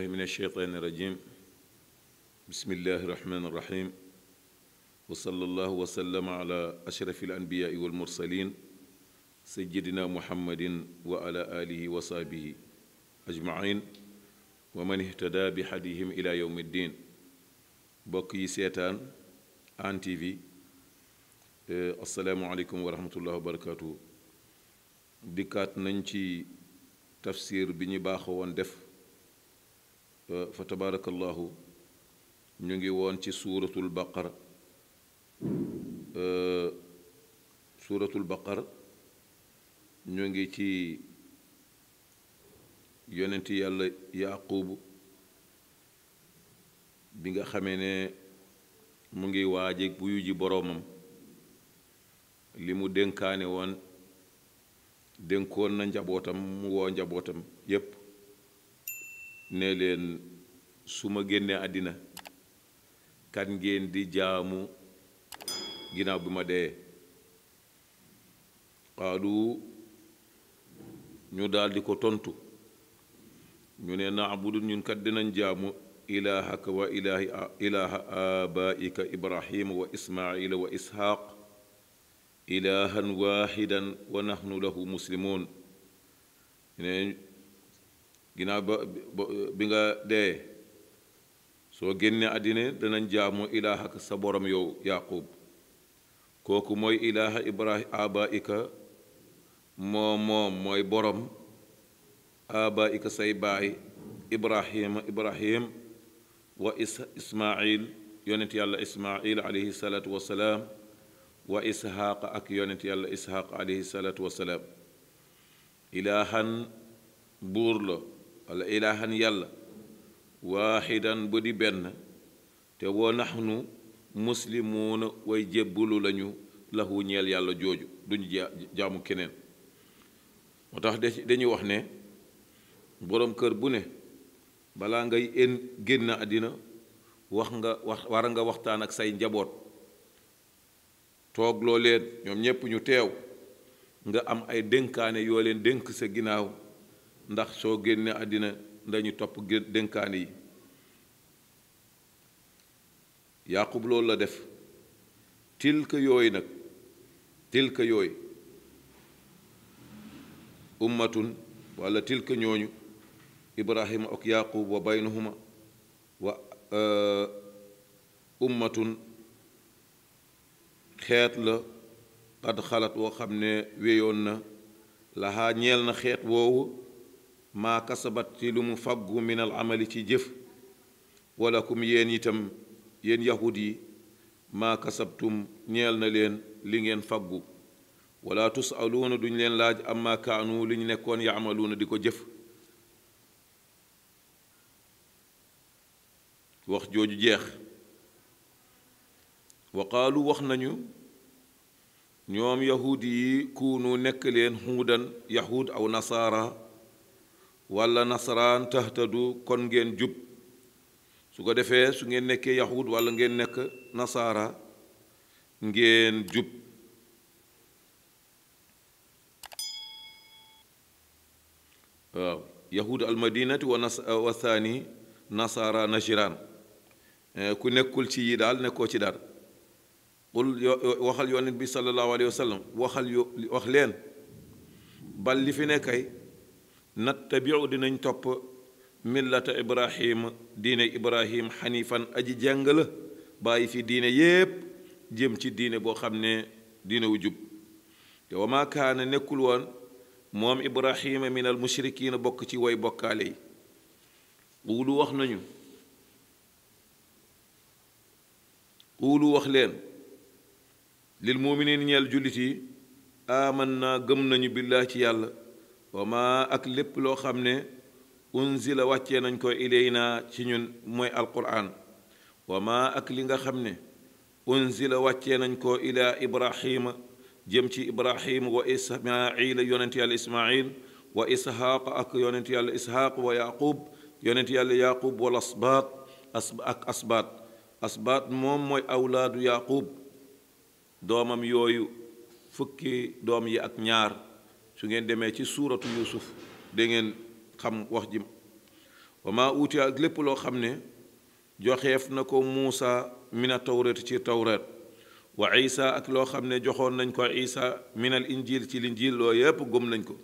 بالله من الشيطان الرجيم بسم الله الرحمن الرحيم وصلى الله وسلم على أشرف الأنبياء والمرسلين سيدنا محمد وعلى آله وصحبه أجمعين ومن اهتدى بحديهم إلى يوم الدين بقي سيتان آن تي في السلام عليكم ورحمة الله وبركاته dikkaat ننشي تفسير بني باخوان ñu fa tabarakallahu ñu ngi woon ci suratul baqar suratul baqar ñu ngi ci yonenti yàlla yaquubu bi nga xamee ne mu ngi waajeg buyu ji boroomam li mu dénkaane woon dénkoon na njabootam mu woo njabootam yépp ne leen su ma génnee àddina kan ngeen di jaamu ginaaw bi ma dee qaalu ñu daldi ko tontu ñu ne naabudu ñun kat dinañ jaamu ilaahaka wa ilaahi ilaaha abaika ibrahima wa ismaila wa isxaaq ilaahan waaxidan wa nahnu lahu muslimuun ne ginnaaw ba bi nga dee soo génne àddina danañ jaamu ilaaha ak sa borom yow yaqub kooku mooy ilaaha ibrahim abaika moo moom mooy borom abaika say baay ibrahim ibrahim wa ismail yonent yàlla ismail alayhi salatu wasalaam wa ishaq ak yonent yàlla ishaq alayhi salatu wasalaam ilaahan buur la walla ilahan yalla wahidan budi benn te wo nahnu muslimuna way jébbulu lañu lahu ñeel yàlla jooju duñu jaamu keneen moo tax dañu wax ne borom kër bu ne balaa ngay en génn adina wax nga war nga waxtaan ak say njaboot toog loo leen ñoom ñëpp ñu teew nga am ay dénkaane yoo leen dénk sa ginnaaw ndax soo génnee àddina dañu topp dénkaane yi yaqub loolu la def tilka yooyu nag tilka yooyu ummatun wala tilka ñooñu ibrahima ak yaqub wa baynahuma wa euh, ummatun xeet la qad xalaat woo xam ne weyoon na laxaa ñeel na xeet woowu maa kasabat ci lu mu faggu min al amali ci jëf walla kum yéen itam yéen yahud yi maa kasabtum ñeel na leen li ngeen faggu wala tusaluuna duñ leen laaj amma kaanu nekkoon ya nekkoon na di ko jëf wax jooju jeex waqaalu wax nañu ñoom yahud yi kuunu nekk leen xuudan yahud aw nasaara walla nasaraan tahtadu kon ngeen jub su ko defee su ngeen nekkee yahud walla ngeen nekk nasaara ngeen jub waaw yahud almadinati wa nas wa thani nasaara eh, ku nekkul ci yi daal nekkoo ci daal qul waxal yonent bi sallallahu alayhi wa sallam waxal yo wax leen bal li fi nekkay nattabiu dinañ topp millata ibrahim diine ibrahim xanifan aji jàng la bàyyi fi diine yépp jëm ci diine boo xam ne diine wu jub te wa maa kaana nekkul woon moom ibrahima min al mushrikiina bokk ci way bokkaale yi wuulu wax nañu wuulu wax leen lil muuminiin ñeel jullit yi aaman naa gëm nañu billaa ci yàlla wa ma ak lépp loo xam ne unzila wàccee nañ ko ilayna ci ñun mooy alquran wa ma ak li nga xam ne unzila wàccee nañ ko ila ibrahima jëm ci ibrahim wa ismaila yonent yàlla ismail wa ishaaq ak yonent yàlla ishaaq wa yaqub yonent yàlla yaqub wal asbaat ak asbaat asbaat moom mooy awlaadu yaqub doomam yooyu fukki doom yi ak ñaar su ngeen demee ci suuratu yusuf da ngeen xam wax ji wa maa uuti ak lépp loo xam ne joxeef na ko muusa mina tawreet ci tawreet wa isa ak loo xam ne joxoon nañ ko isa minal injil ci linjil loo yépp gëm nañ ko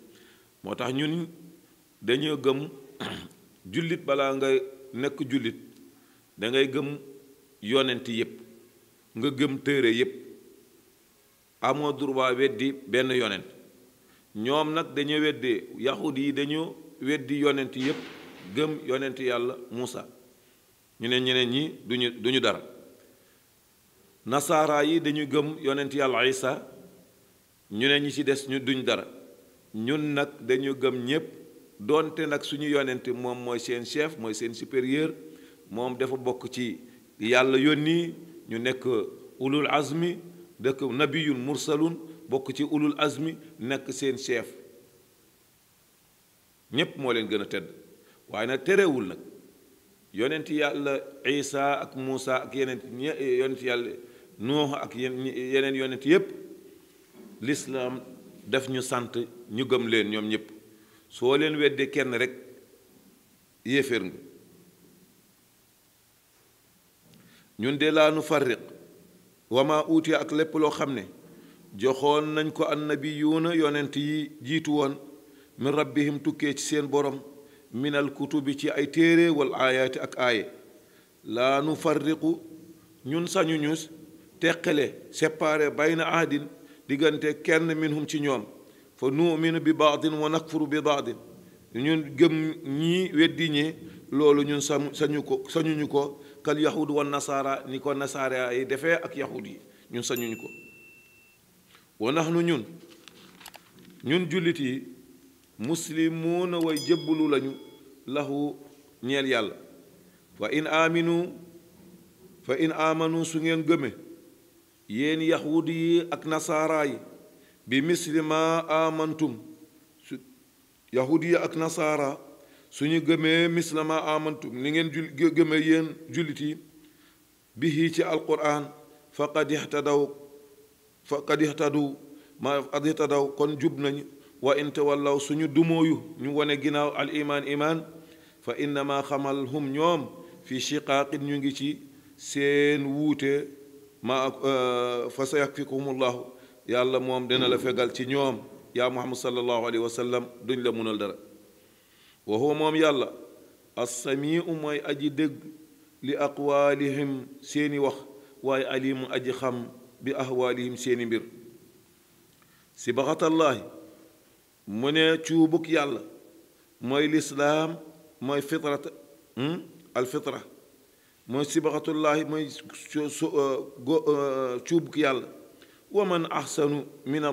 moo tax ñun dañoo gëm jullit bala nga nekk jullit dangay gëm yonent yépp nga gëm téere yépp amoo droit weddi benn yonent ñoom nag dañu weddee yahud yi dañu weddi yonent yépp gëm yonent yàlla Muusa ñu ne ñeneen ñi duñu duñu dara nasaara yi dañu gëm yonent yàlla Isa ñu ne ñi ci des ñu duñ dara ñun nag dañu gëm ñépp doonte nag suñu yonent moom mooy seen chef mooy seen supérieur moom dafa bokk ci yàlla yónni ñu nekk ulul azmi dëkk nabiyun mursalun bokk ci ulul asmi nekk seen chef ñépp moo leen gën a tedd waaye nag terewul nag yonent yàlla isa ak muusa ak yeneen yonent yàlla nuux ak yeneen yonent yépp lislaam def ñu sant ñu gëm leen ñoom ñépp soo leen weddee kenn rek yéeféer nga ñun de laa nu farriq wama uuti ak lépp loo xam ne joxoon nañ ko annabiyuuna yonent yi jiitu woon min rabbihim tukkee ci seen borom minal bi ci ay téere wal aayaati ak aaye laa nu farriqu ñun sañuñu ñu teqale séparé na ahdin diggante kenn minhum ci ñoom fa nu nuuminu bi baadin wa nakfuru bi baadin ñun gëm ñi weddi ñee loolu ñun sañu ko sañuñu ko kal yahud wa nasaara ni ko nasaara yi defee ak yahud yi ñun sañuñu ko wa nahnu ñun ñun jullit yi muslimuuna way jëbbalu lañu lahu ñeel yàlla fa in aaminu fa in aamanu su ngeen gëme yéen yahudi ak nasaara yi bi misli ma amantum su ak nasaara suñu gëmee misla ma amantum ni ngeen jul gëmee yéen jullit yi bihi ci alquran faqad ihtadaw faqad ihtadu ma qad ihtadaw kon jub nañu wa in tawallaw suñu dumooyu ñu wone ginnaaw al iman iman fa innama xamal hum ñoom fi shiqaaqin ñu ngi ci seen wuute ma fa sa yakfikumullahu yàlla moom dina la fegal ci ñoom yaa muhammad sallallahu alayhi wa sallam duñ la munal dara wa huwa moom yàlla assamiu mooy aji dégg li aqwaalihim seeni wax waaye alimu aji xam bi ahwaalihim seeni mbir si mu ne cuubuk yàlla mooy lislaam mooy fitrat hmm? alfitra mooy sibaxatullaahi mooy uh, uh, cuubuk yàlla wa man axsanu min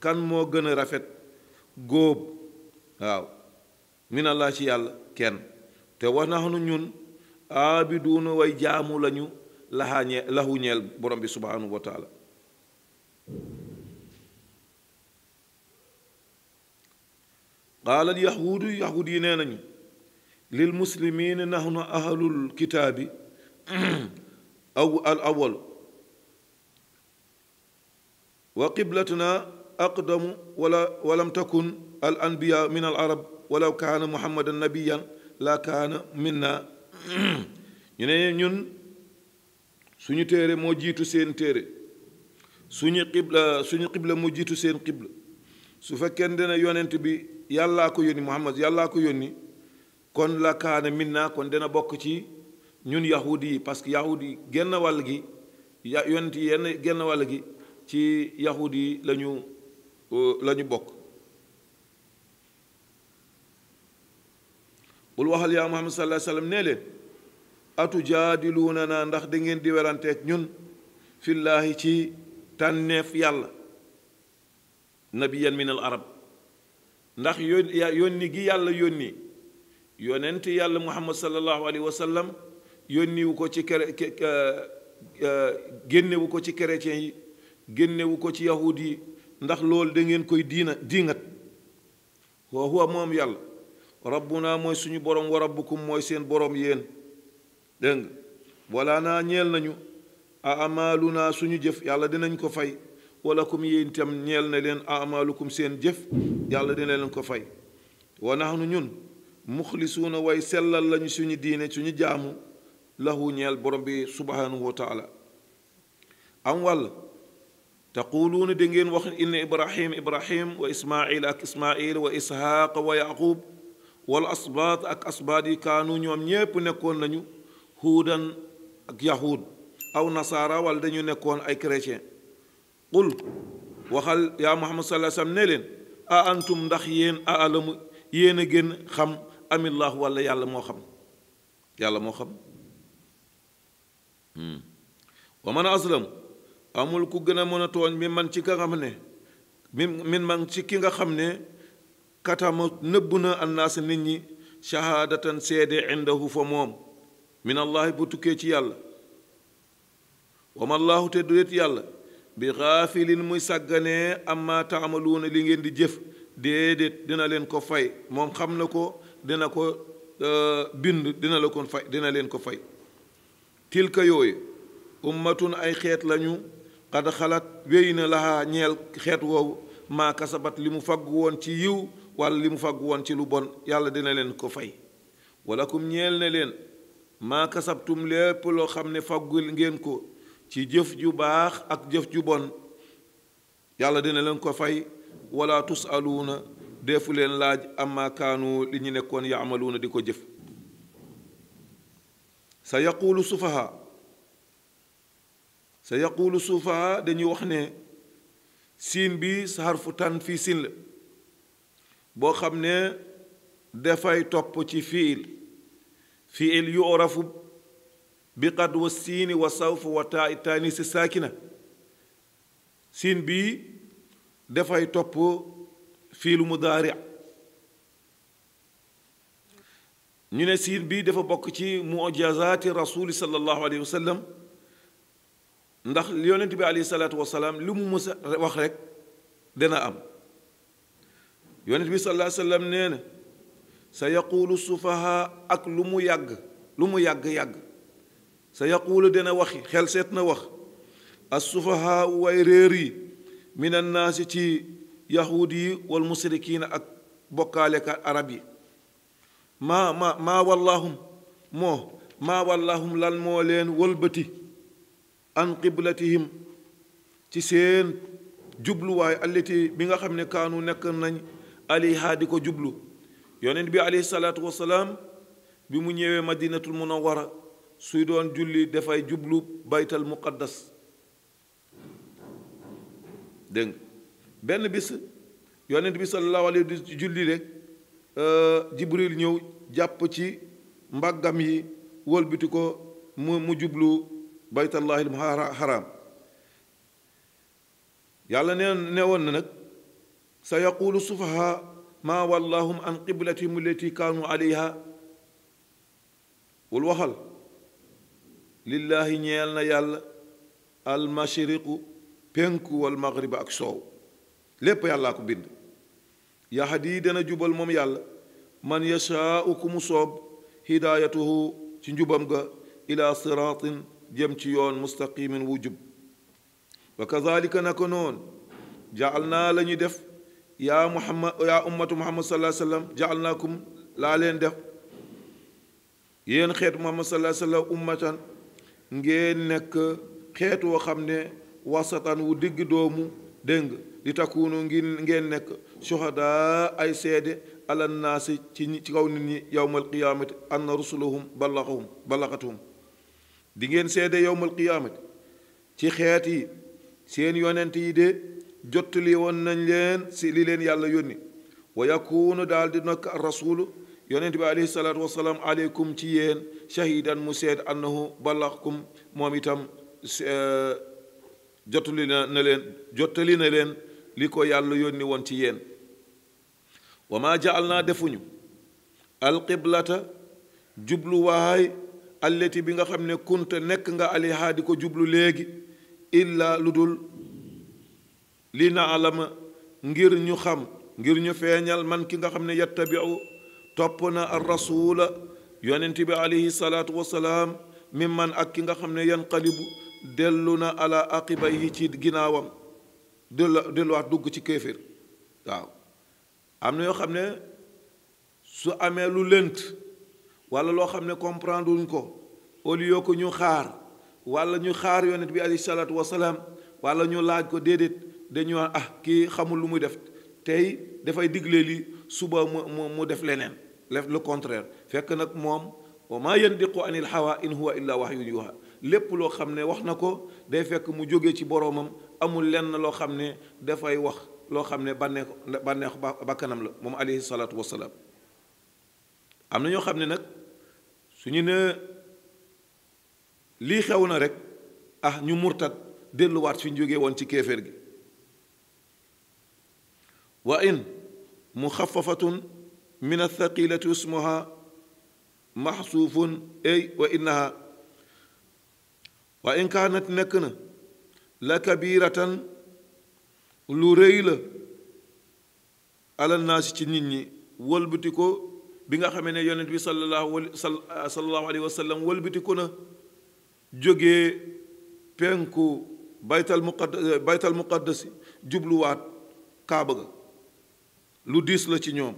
kan moo gën a rafet góob waaw min ci yàlla kenn te wa naxnu ñun aabiduuna way jaamu lañu lahaa ñe lahu ñeel borom bi subhanahu wa taala qaala alyahuudu yahuud yi nee nañu lil muslimiin nahnu ahlul kitaabi aw al awal wa qiblatuna aqdamu wala walam takun al anbiya min al arab walaw kaana muhammadan nabiyan la kaana minna ñu ne ñun suñu téere moo jiitu seen téere suñu qibla suñu qibla moo jiitu seen qibla su fekkente ne yonent bi yàllaa ko yónni mouhammad yàllaa ko yónni kon la kaane minna kon dana bokk ci ñun yahuud yi parce que yahuud yi genn wàll gi yonent yi yenn genn wàll gi ci yahuud yi lañu euh, lañu bokk bul waxal yaa mouhammad sallai sallam nee leen atujaadiluunana ndax da ngeen di weranteeg ñun fillaahi ci tànneef yàlla nabiyan min al arab ndax yónni gi yàlla yónni yonent yàlla muhammad sallallahu alayhi wa sallam yónniwu ko ci kere génnewu ko ci chrétien yi génnewu ko ci yahud yi ndax loolu da ngeen koy diina diingat wa huwa moom yàlla naa mooy suñu borom wa rabbukum mooy seen boroom yéen dégg nga naa ñeel nañu aamalu amaalu naa suñu jëf yàlla dinañ ko fay wala kum yéen itam ñeel na leen a amaalukum seen jëf yàlla dina ko fay wa nahnu ñun muxlisuuna way sellal lañu suñu diine suñu jaamu lahu ñeel borom bi subhanahu wa taala am wàll taquluuna da ngeen wax inna ibrahim ibrahim wa ismail ak ismail wa ishaaq wa yaqub wal asbaat ak asbaat yi kaanu ñoom ñépp nekkoon nañu huudan ak yahuud aw nasaara wala dañu nekkoon ay chrétien qul waxal yaa muhammad sallallahu alayhi wa sallam ne leen a antum ndax yéen a alamu yéen a gën xam amillahu wala yàlla moo xam yàlla moo xam wa man aslam amul ku gën a mën a tooñ mi man ci ka nga xam ne mi min man ci ki nga xam ne katama nëbb na annaas nit ñi shahaadatan seede indahu fa moom min allahi pour tukkeeci yalla wama allahu teddudeti yalla bi gafilin muy saggane amma taamaluuna li ngeen di jëf déedéet dina leen ko fay moom xam na ko dina ko euh, bind dina la ko fay dina leen ko fay tilka yooyu ummatun ay xeet lañu qad xalat wéy na laha ñeel xeet woowu ma kasabat li mu fagg woon ci yiw wala li mu fagg woon ci lu bon yàlla dina leen ko fay walakum ñeel na leen ma kasabtum lepp lo xamne fagul ngeen ko ci jëf ju baax ak jëf ju bon yalla dina len ko fay wala tusaluna defu len laaj amma kanu li ñi nekkon ya'maluna diko jëf sayaqulu sufaha sayaqulu sufaha dañu wax ne sin bi sarfu tan fi sin la bo xamne defay top ci fiil فعل يعرف بقد والسين وسوف وتاء التانيث الساكنة سين بي دفاي توب فعل مضارع ñu ne siin bii dafa bokk ci mujazaati rasuli sallallahu alayhi wa sallam ndax yonent bi alayhi salaatu wasalaam li mu mës a wax rek dana am yonent bi sallallahu alayhi wa sallam nee na sa yaquulu sufaha ak lu mu yàgg lu mu yàgg-yàgg sa yaquulu dina waxi xel seet na wax as sufaha way réer yi min annaasi ci yahuud yi wal musrikiina ak bokkaalekat arab yi maa ma maa wallaahum moo maa wallaahum lan moo leen wëlbati an qiblatihim ci seen jubluwaay allati bi nga xam ne kaanu nekk nañ alihaa di ko jublu yonent bi aleyhi salaatu wasalaam bi mu ñëwee madinatul munawara suy doon julli dafay jublu baytal muqaddas dégg benn bis yonent bi sallallahu alayhi di julli rek euh, jibril ñëw jàpp ci mbàggam yi wëlbiti ko mu mu jublu baytallahil haram yàlla nee ne woon na nag sa yaqulu sufaha ما ولاهم عن قبلتهم التي كانوا عليها والوحل لله نيالنا يال المشرق بينك والمغرب أكسو لب يالا كبند يا حديدنا جبل مم يال من يشاءكم صوب هدايته تنجبمغا إلى صراط جمتيون مستقيم وجب وكذلك نكونون جعلنا لني دف yaa muhammad yaa ummatu muhammad sallallahu alayhi wa sallam jaalnaakum laa leen def yéen xeetu muhammad sallallahu alayhi wa ngeen nekk xeet woo xam ne wasatan wu digg doomu dëng di takkuunu ngi ngeen nekk suhadaa ay seede alal naasi ci ci kaw nit ñi yowmal qiyaamati anna rusulahum ballaxahum ballaxatuhum di ngeen seede yowmal qiyaamati ci xeet yi seen yonent yi de jottali woon nañ leen si li leen yàlla yónni wa yakuunu daal di nag rasulu yonent bi alayhi salaatu wasalaam aleykum ci yéen shahidan mu seed annahu balaxkum moom itam jottali na leen jottali na leen li ko yàlla yónni woon ci yéen wa maa jaal naa defuñu alqiblata jubluwaay alleti bi nga xam ne kunta nekk nga alihaa di ko jublu léegi illa ludul lii na alama ngir ñu xam ngir ñu feeñal man ki nga xam ne yattabiu topp na ar rasula yonent bi aleyhi salaatu wasalaam min man ak ki nga xam ne yanqalibu dellu na ala aqiba yi ci ginnaawam dellu delluwaat dugg ci kéefér waaw am na yoo xam ne su amee lu lënt wala loo xam ne comprendre wuñ ko au lieu ñu xaar walla ñu xaar yonent bi aleyhi salaatu wasalaam wala ñu laaj ko déedéet dañu ah kii xamul lu muy def tey dafay digle li suba mu mu def leneen lef le contraire fekk nag moom wa maa yandiqu anil hawa in huwa illa wahyun yuha lépp loo xam ne wax na ko day fekk mu jóge ci boroomam amul lenn loo xam ne dafay wax loo xam ne bànneex bànneex bakkanam la moom alayhi salaatu wasalaam am na ñoo xam ne nag suñu ne lii xew na rek ah ñu murtat delluwaat fi ñu jóge woon ci kéeféer gi وإن مخففة من الثقيلة اسمها محصوف أي وإنها وإن كانت نكنة لكبيرة لريلة على الناس تنيني والبتكو بيغا خامني يونس صلى الله صلى الله عليه وسلم والبتكونا جوغي بينكو بيت المقدس بيت المقدس جبلوات كابغا lu diis la ci ñoom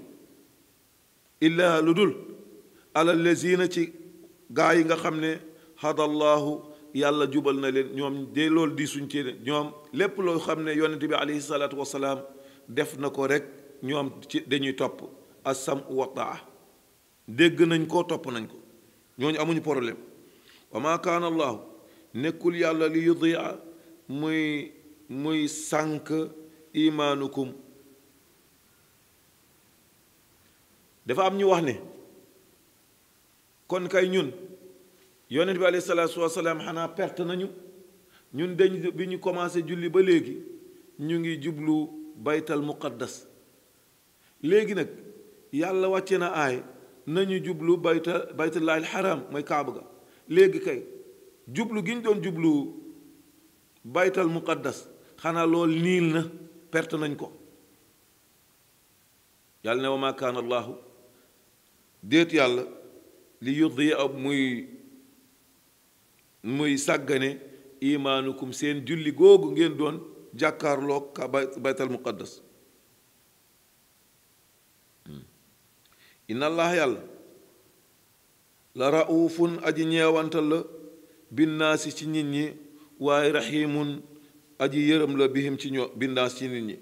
illaa lu dul ala lazina ci gaa yi nga xam ne hadallahu yàlla jubal na leen ñoom de loolu diisuñ ci ñoom lépp loo xam ne yonent bi aleyhi salaatu wasalaam def na ko rek ñoom ci dañuy topp asam wa taa dégg nañ ko topp nañ ko ñooñu amuñu problème wa ma nekkul yàlla li yudia muy muy sànk imaanukum dafa am ñu wax ne kon kay ñun yonent bi alayhi salaatu salaam xanaa perte nañu ñun dañ bi ñu commencé julli ba léegi ñu ngi jublu baytal mukadas léegi nag yàlla wàcce na aay nañu jublu bayta baytullaahil xaram mooy kaaba ga léegi kay jublu gi ñu doon jublu baytal mukadas xanaa lool niil na perte nañ ko yàlla ne wa ma kaana déet yàlla li yurdi ab muy muy sàggane imaanukum seen julli googu ngeen doon jàkkaarloog ka baytal muqaddas inna allah yàlla la raufun aji ñeewantal la binnaasi ci nit ñi waaye raximun aji yërëm la bihim ci ñoo binnaas ci nit ñi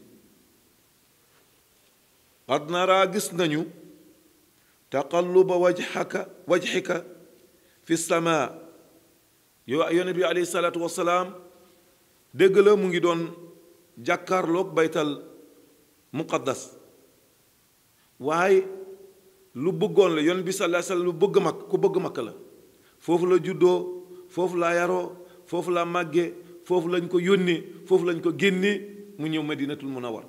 xad gis nañu taqalluba wajhaka wajhika fi sama yow yonent bi aleyhi salaatu wasalaam dégg la mu ngi doon jàkkaarloog baytal muqaddas waaye lu bëggoon la yonent bi sallallahu alayhi lu bëgg mag ku bëgg mag la foofu la juddoo foofu la yaroo foofu la màggee foofu lañ ko yónnee foofu lañ ko génnee mu ñëw madinatul munawwar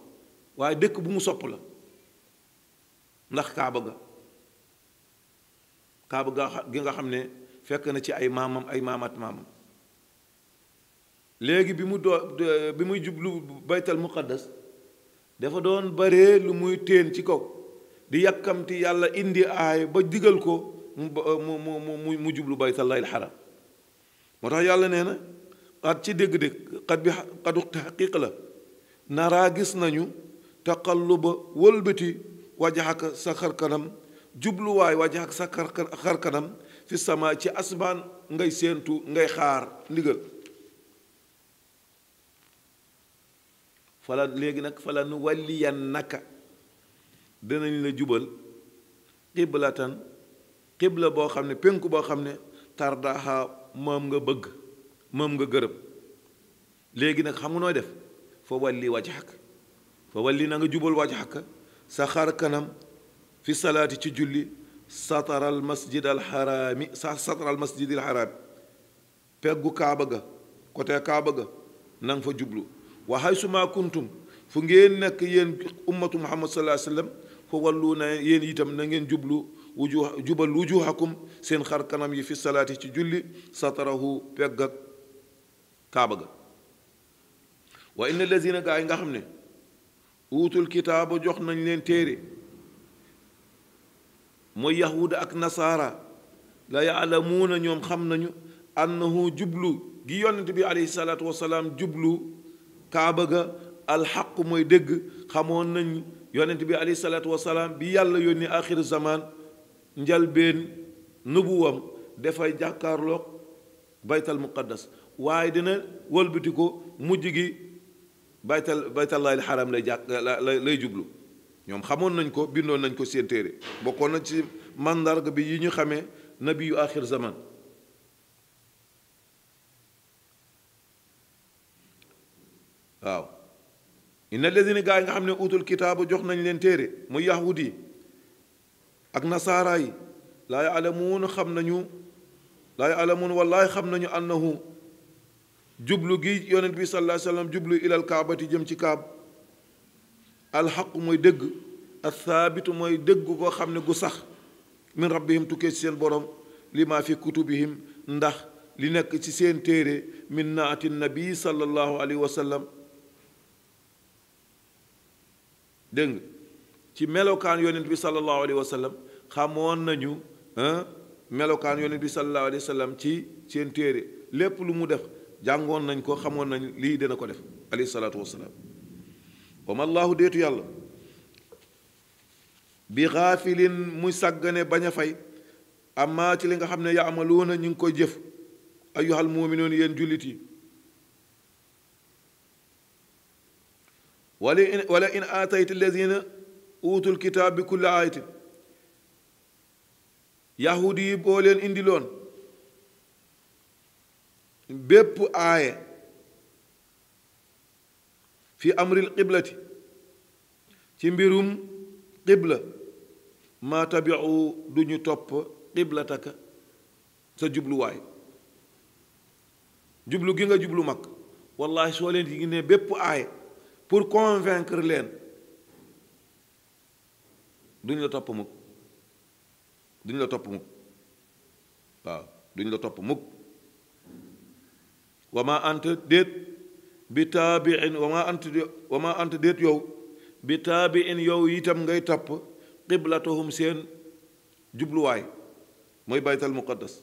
waaye dëkk bu mu sopp la ndax kaaba ga kaaba gi nga xam ne fekk na ci ay maamam ay maamaat maamam léegi bi mu doo bi muy jublu baytal muqaddas dafa doon baree lu muy téen ci kaw di yàkkamti yàlla indi aay ba digal ko mu mu mu mu jublu baytallahil xaram moo tax yàlla nee na at ci dégg-dégg xat bi xatu xaqiiq la naraa gis nañu ba wëlbati wajaxaka sa xar kanam jubluwaay wajh ak sa xar kanam fi sama ci asmaan ngay séentu ngay xaar ndigal fala léegi nag fala nu walliyan naka dinañ la jubal xiblatan xibla boo xam ne pénku boo xam ne tardaha moom nga bëgg moom nga gërëm léegi nag xam nga nooy def fa walli wajhak fa walli na nga jubal wajhak sa xar kanam fi salaati ci julli sataral masjid al xaraami sataral masjid al xaraami peggu kaaba ga côté kaaba ga na nga fa jublu wa haysuma kuntum fu ngeen nekk yéen ummatu muhammad sallallahu alayhi wasallam fa wallu na yéen itam na ngeen jublu wujuh jubal wujuhakum seen xar kanam yi fi salaati ci julli satarahu pegg ak kaaba ga wa inna allazina gaa yi nga xam ne uutul kitaaba jox nañ leen téere mooy yahuud ak nasaara la yaalamuuna ñoom xam nañu annahu jublu gi yonent bi alayhi salaatu wasalaam jublu kaaba ga alxaq mooy dégg xamoon nañ yonent bi alayhi salaatu wasalaam bi yàlla yónni axir zamaan njalbeen nubuwam dafay jàkkaarloog baytal muqaddas waaye dina wëlbati ko mujj gi baytal baytallahi alxaram lay jàkk lay jublu ñom xamoon nañ ko bindoon nañ ko seen téere bokkoon na ci màndarga bi yi ñu xamee nabi yu akhir zaman waaw inna alladhina gaa nga xamne utul kitab jox nañ leen téere muy yahudi ak nasara yi la ya'lamun xam nañu laa yaalamuun wallaay xam nañu annahu jublu gi yonnabi sallallahu alayhi wasallam sallam jublu ilal kaabati jëm ci kaab الحق موي دغ الثابت موي دغ كو خامني غو صح من ربهم توكي سين بوروم لما في كتبهم نده لي نك سي سين تيري من نعت النبي صلى الله عليه وسلم دغ تي كان يونس بي صلى الله عليه وسلم خامون نانيو ها ملوكان يونس بي صلى الله عليه وسلم تي سين تيري لپ لو مو ديف جانغون نانكو خامون نان لي دنا كو ديف عليه الصلاه والسلام wa ma laahu déetu yàlla bi xaafilin muy sàggane bañ a fay amaa ci li nga xam ne yaamaluuna ñu ngi ko jëf ayyuhal muuminoon yéen jullit yi wala in wala in aatayta lazina uutul kitaab bi kulli aayatin yahudi boo leen indiloon bépp aaye fi amril qiblati ci mbirum qibla maa tabiu duñu topp topp takk sa jubluwaay jublu gi nga jublu mag wallahi soo leen yi ne bépp aay pour convaincre leen duñu la topp mukk duñu la topp mukk waaw duñu la topp mukk wa ma ant déet بتابع وما أنت وما أنت ديت يو بتابع يو يتم غي تاب قبلتهم سين جبلو واي موي بيت المقدس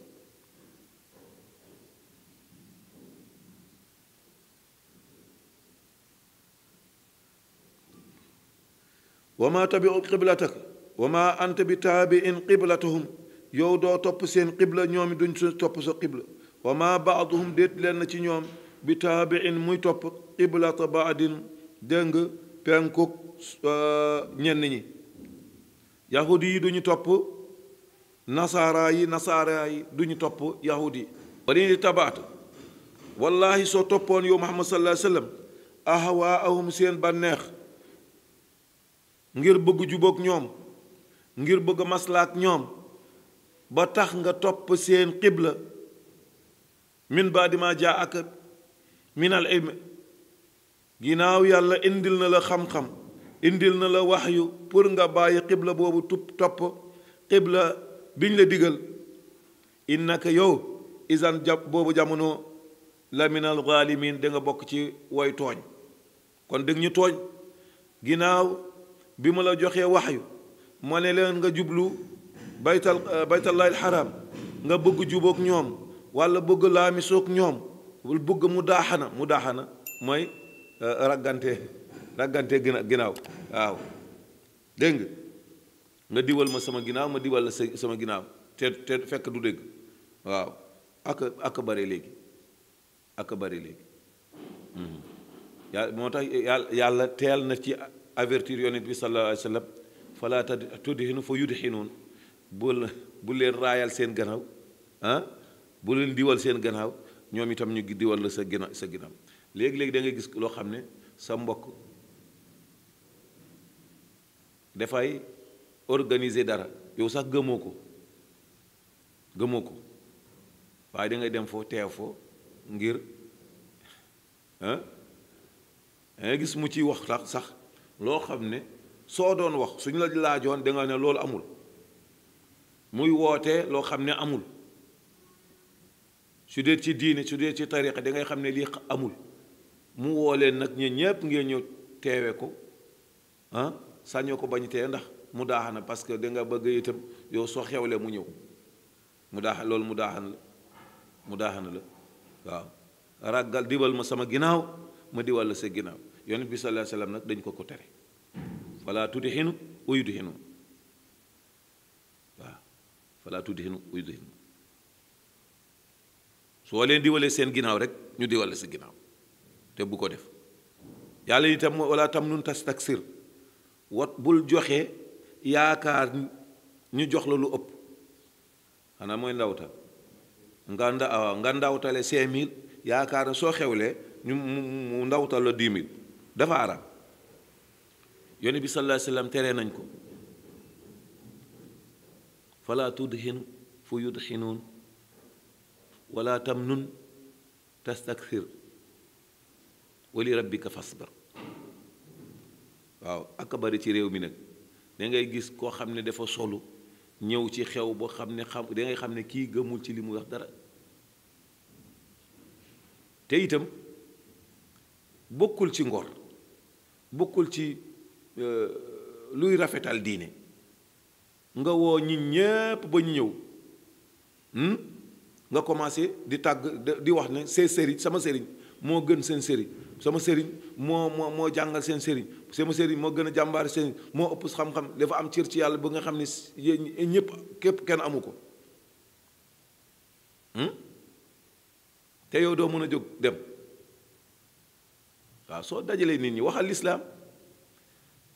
وما تبع قبلتك وما أنت بتابع قبلتهم يو دو توب سين قبلة نيوم دون توب سو قبلة وما بعضهم ديت لأن تي bi taabiin muy topp qiblata baadin dëng penkuk euh, ñenn ñi yahudi yi duñu topp nasaara yi nasaara yi duñu topp yahudi ba di tabaat wallaahi soo toppoon yow muhammad sallallahu alayhi wa sallam seen bànneex ngir bëgg jubóog ñoom ngir bëgg maslaak ñoom ba tax nga topp seen xibla min baadi ma jaa ak minal ilmi ginnaaw yàlla indil na la xam-xam indil na la wax yu pour nga bàyyi xibla boobu tupp topp xibla biñ la diggal digal innaka yow isan jab boobu jamono la minal xaalimiin da nga bokk ci woy tooñ kon dégg ñu tooñ ginnaaw bi ma la joxee waxyu ma ne leen nga jublu baytal baytallahi alxaram nga bëgg jubook ñoom walla bëgg laamisook ñoom wul bëgg mu daaxana mu daaxana mooy euh, raggante raggante gën ginnaaw waaw dégg nga diwal ma sama ginaaw ma diwal la sama ginaaw te te fekk du dégg waaw ak ak bare léegi ak bare léegi mhm. yàlla moo tax yàlla teel na ci avertir yonent bi sallallahu alayhi wa sallam falaa tudhinu fa yudhinuun bul bu leen raayal seen gannaaw bul ah? bu leen diwal seen gannaaw ñoom itam ñu giddi la sa gina sa ginnaaw léegi-léegi dangay ngay gis loo xam ne sa mbokk dafay organiser dara yow sax gëmoo ko gëmoo ko waaye dangay dem foo teew foo ngir ah dangay gis mu ci wax sax loo xam ne soo doon wax suñu la laajoon da ne loolu amul muy wootee loo xam ne amul su dee ci diine su dee ci tariqa da ngay xam ne lii amul mu woo leen nag ñi ñëpp ngeen ñëw teewe ko ah ko bañ tee ndax mu daaxan na parce que da bëgg itam yow soo xewle mu ñëw mu daaxan loolu mu daaxan la mu daaxan la waaw ràggal dibal ma sama ginnaaw ma diwal la sa ginnaaw yonent bi sallallahu alayhi wasallam nag dañ ko ko tere falaa tudhinu uyudhinu waaw falaa tudhinu uyudhinu soo leen diwalee seen ginnaaw rek ñu diwale sa ginnaaw te bu ko def yàlla itam wala tam nun tas taksir wat bul joxe yaakaar ñu jox la lu ëpp xanaa mooy ndawta nga nda nga ndawtale cinq mille yaakaar soo xewlee ñu mu ndawtal la dix mille dafa araam yónni bi sallallahu alayhi wasallam tere nañ ko fala tudhinu fu yudhinuun wala tamnun tastakthir wali rabbika fasbir waaw ak bari ci réew mi nag da ngay gis koo xam ne dafa solu ñëw ci xew boo xam ne xam dangay xam ne kii gëmul ci li mu wax dara te itam bokkul ci ngor bokkul ci euh, luy rafetal diine nga woo ñi ñépp ba ñu ñëw hmm? nga commencé di tag di wax ne sama sëriñ moo gën seen sama sëriñ mo mo mo jangal sen sëriñ sama sëriñ moo gën sen, jàmbaar opus moo ëpp xam-xam dafa am cër ci yàlla ba nga xam ne yéen ñëpp képp kenn hmm? te yow dem waaw soo dajalee nit ñi waxal lislaam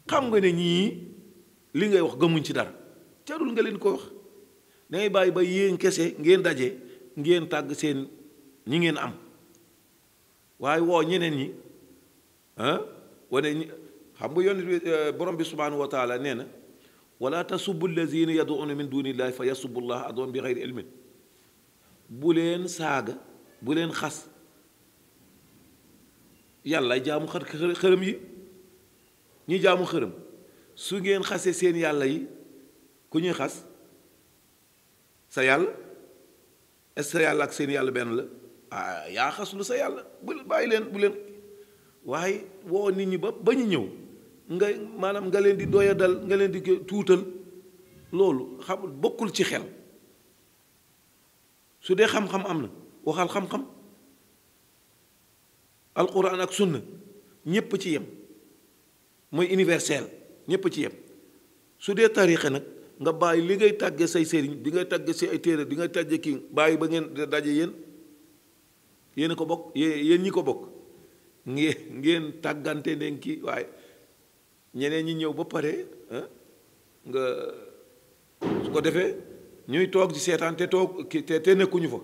xam nga ne ñii li ngay wax gëmuñ ci dara jarul nga leen ko wax dangay bàyyi ba yéen kese ngeen dajee ngeen tag seen ñi ngeen am waaye woo ñeneen ñi ah wane xam nga yoni borom bi subhanahu wa taala neena wala tasubbu allazina yad'una min dunillahi fa yasubbu llah adoon bi xeyri ilmin bu len saga bu len khas yàlla jaamu xar xërëm yi ñi jaamu xërëm su ngeen xasse seen yàlla yi ku ñi xas sa yàlla est-ce yàlla ak seen yàlla benn la ah yaa xaslu sa yàlla bu bàyyi leen bu leen waaye woo nit ñi ba ba ñu ñëw nga maanaam nga leen di doyadal nga leen di tuutal loolu xam bokkul ci xel su dee xam-xam am na waxal xam-xam alquran ak sunna ñépp ci yem mooy universel ñépp ci yem su dee tariixa nag nga bàyyi li ngay tàggee say sëriñ di ngay tàggee say ay téere di ngay tàggee kii bàyyi ba ngeen daje yéen yéen ko bokk yéen ñi ko bokk ngeen ngeen tàggante neen ki waaye ñeneen ñi ñëw ba pare ah, nga su ko defee ñuy toog ci seetaan te toog te nekkuñu fa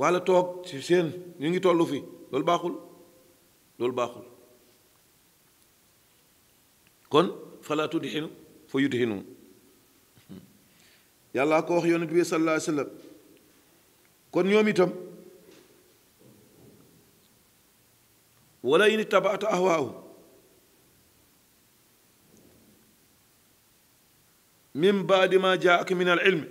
walla toog ci seen ñu ngi tollu fi loolu baaxul loolu baaxul kon fala tudhinu fa yudhinu يلا كوخ يونت بي صلى الله عليه وسلم كون يومي تم ولا ين تبعت اهواه من بعد ما جاءك من العلم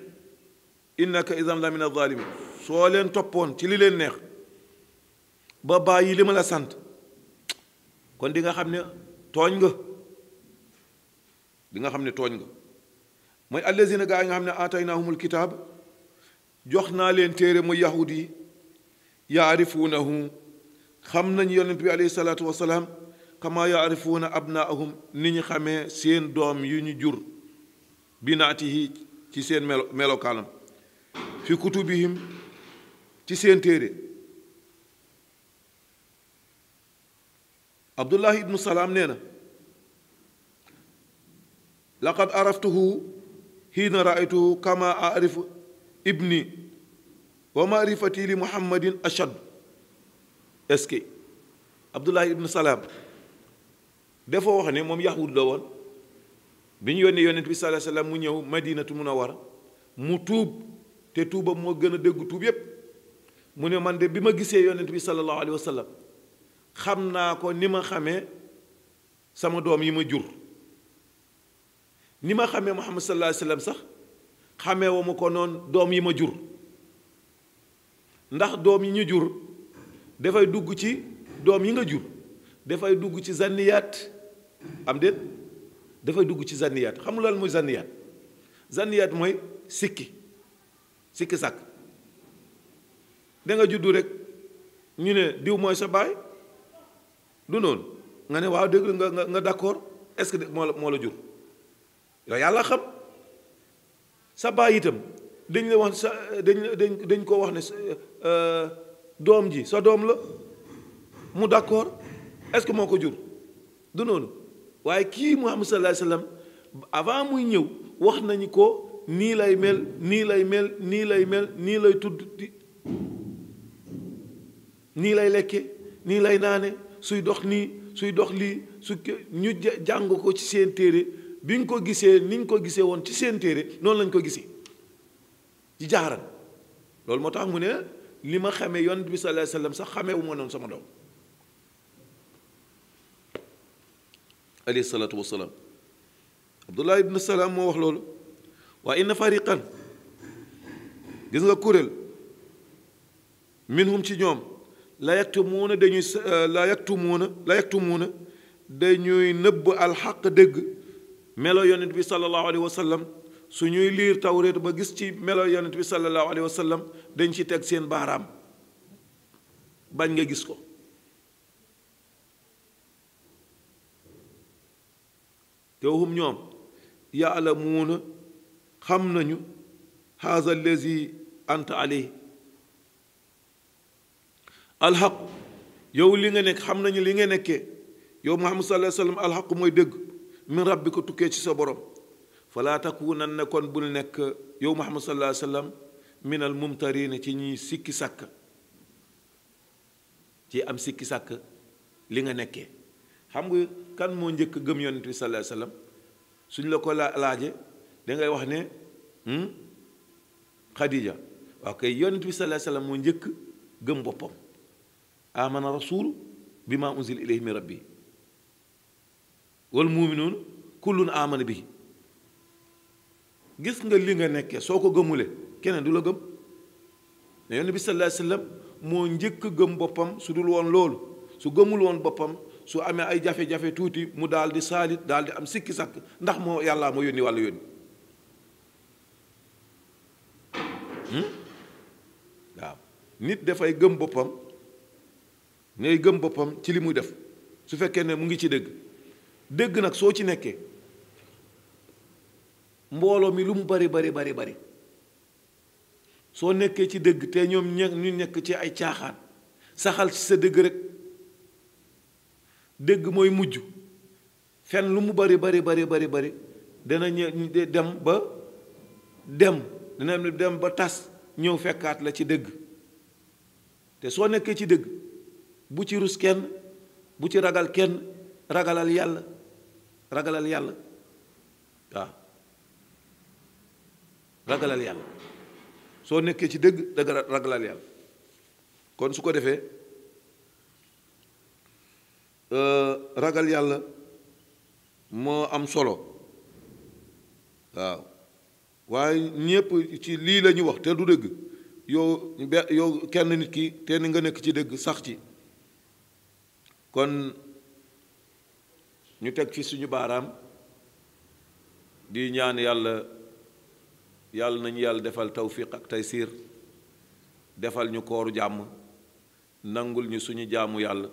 انك اذا لمن الظالمين سولن توبون تي لين نيه با باي لي مالا سانت كون ديغا خامني توغ ديغا خامني توغ mooy allazina gaa yi nga xam ne aataynaahumul kitaab jox naa leen téere mu yahud yi yaarifuunahu xam nañ yonent bi aleyhi salaatu wasalaam ab na abnaahum ni ñu xamee seen doom yu ñu jur binaatihi ci seen melo melokaanam fi kutubihim ci seen téere abdullahi ibnu salaam nee na laqad araftuhu حين رأيته كما أعرف ابني ومعرفتي لمحمد أشد اسكي عبد الله بن سلام دفا وخني موم يهود لوون بن يوني يونت صلى الله عليه وسلم نيو مدينه منوره مو توب تي توبا مو گنا دگ توب ييب من من دي بما گيسه يونت صلى الله عليه وسلم خمنا كو نيما خامي سما دوم يما جور ni ma xamee Muhammad sallallahu alayhi wasallam sax xamee wu ma ko noonu doom yi ma jur ndax doom yi ñu jur dafay dugg ci doom yi nga jur dafay dugg ci zanniyaat am déet dafay dugg ci zanniyaat xamul lan muy zanniyaat zanniyaat mooy sikki sikki sàkk da nga juddu rek ñu ne diw mooy sa baay du noonu nga ne waaw dégg nga nga d'accord est-ce que moo la moo la jur yow yàlla xam sa baa itam dañ la wax sa dañ dañ dañ wax ne euh, doom ji sa doom la mu d'accord est-ce que moo ko jur du noonu waaye kii Muhammad sallallahu alayhi wasallam avant muy ñëw wax nañu ko nii lay mel nii lay mel nii lay mel nii lay tudd nii lay lekke nii lay naane suy dox nii suy dox lii su ñu jàng ko ci seen téere bi nga ko gisee ni nga ko gisee woon ci seen téere noonu lañ ko gisee ci jaaran loolu moo tax mu ne li ma xamee yonent bi sallallahu alayhi wasallam sax xamee wu ma noonu sama doom alayhi salatu wasalaam abdullah ibn salaam moo wax loolu waa inna fariqan gis nga kuréel minhum ci ñoom la yaktumuuna dañuy la yaktumuuna la yaktumuuna dañuy nëbb alxaq dëgg melo yonent bi sallallahu alayhi wa su ñuy liir tawreet ba gis ci melo yonent bi sallallahu alayhi wa sallam dañ ci teg seen baaraam bañ nga gis ko te waxum ñoom yaalamuuna xam nañu haza allazi anta alayhi alxaqu yow li nga nekk xam nañu li nga nekkee yow muhammad sallallahu alayhi wa sallam alxaqu mooy dëgg من ربك توكي سي بروم فلا تكونن كون بول نيك يوم محمد صلى الله عليه وسلم من الممترين تي ني سيكي ساك تي ام سيكي ساك ليغا نيكي خمغ كان مو نجيك گم يونتي صلى الله عليه وسلم سن لاكو لاجي دا غاي واخ ني هم خديجه واكاي يونتي صلى الله عليه وسلم مو نجيك گم بوبام امن الرسول بما انزل اليه من ربي wal muuminuun kullun amana bi gis nga li nga nekkee soo ko gëmulee keneen du la gëm ne yonent bi sallallahu alayhi wasallam moo njëkk gëm boppam su dul woon loolu su gëmul woon boppam su amee ay jafe-jafe tuuti mu daal di saalit daal di am sikki sàkk ndax moo yàllaa moo yónni wàlla yónni hmm? waaw nit dafay gëm boppam ngay gëm boppam ci li muy def su fekkee ne mu ngi ci dëgg dégg nag soo ci nekkee mbooloo mi lu mu bari bari bari bari soo nekkee ci dëgg te ñoom ñu nekk ci ay caaxaan saxal ci sa dëgg rek dëgg mooy mujj fenn lu mu bari bari bari bari bari dana ñë dem ba dem dana dem ba tas ñëw fekkaat la ci dégg te soo nekkee ci dégg bu ci rus kenn bu ci ragal kenn ragalal yàlla ragalal yàlla waaw ragalal yàlla so nekkee ci dëgg dëgg ragalal yàlla kon su ko defee euh, ragal yàlla am solo waaw waaye ñépp ci lii la wax te du dëgg yo yow kenn nit ki te nga nekk ci sax ci kon ñu teg ci suñu baaraam di ñaan yàlla yàlla nañu yàlla defal tawfiq ak taysiir defal ñu kooru jàmm nangul ñu suñu jaamu yàlla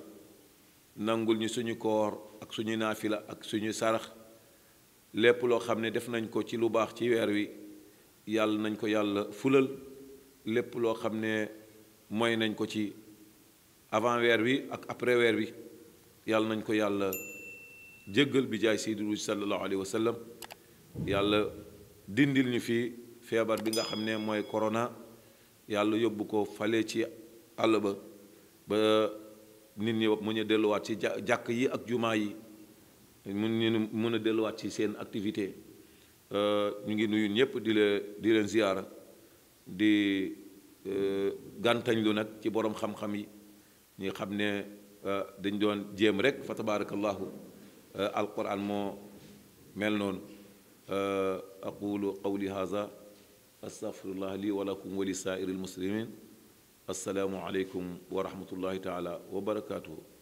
nangul ñu suñu koor ak suñu naafila ak suñu sarax lépp loo xam ne def nañ ko ci lu baax ci weer wi yàlla nañ ko yàlla fulal lépp loo xam ne moy nañ ko ci avant weer wi ak après weer wi yàlla nañ ko yàlla jéggal bi jaay Seydina sallallahu alayhi wa sallam yàlla dindil ñu fi feebar bi nga xam ne mooy corona yàlla yóbbu ko fale ci àll ba ba nit ñi mën a delluwaat ci jàkk yi ak jumaa yi mun ñu mën a delluwaat ci seen activité euh, ñu ngi nuyu ñëpp di leen di leen ziyaara di euh, gàntañ nag ci boroom xam-xam yi ñi xam ne euh, dañ doon jéem rek fa tabaarakallahu آه، القران مو مل آه، اقول قولي هذا استغفر الله لي ولكم ولسائر المسلمين السلام عليكم ورحمه الله تعالى وبركاته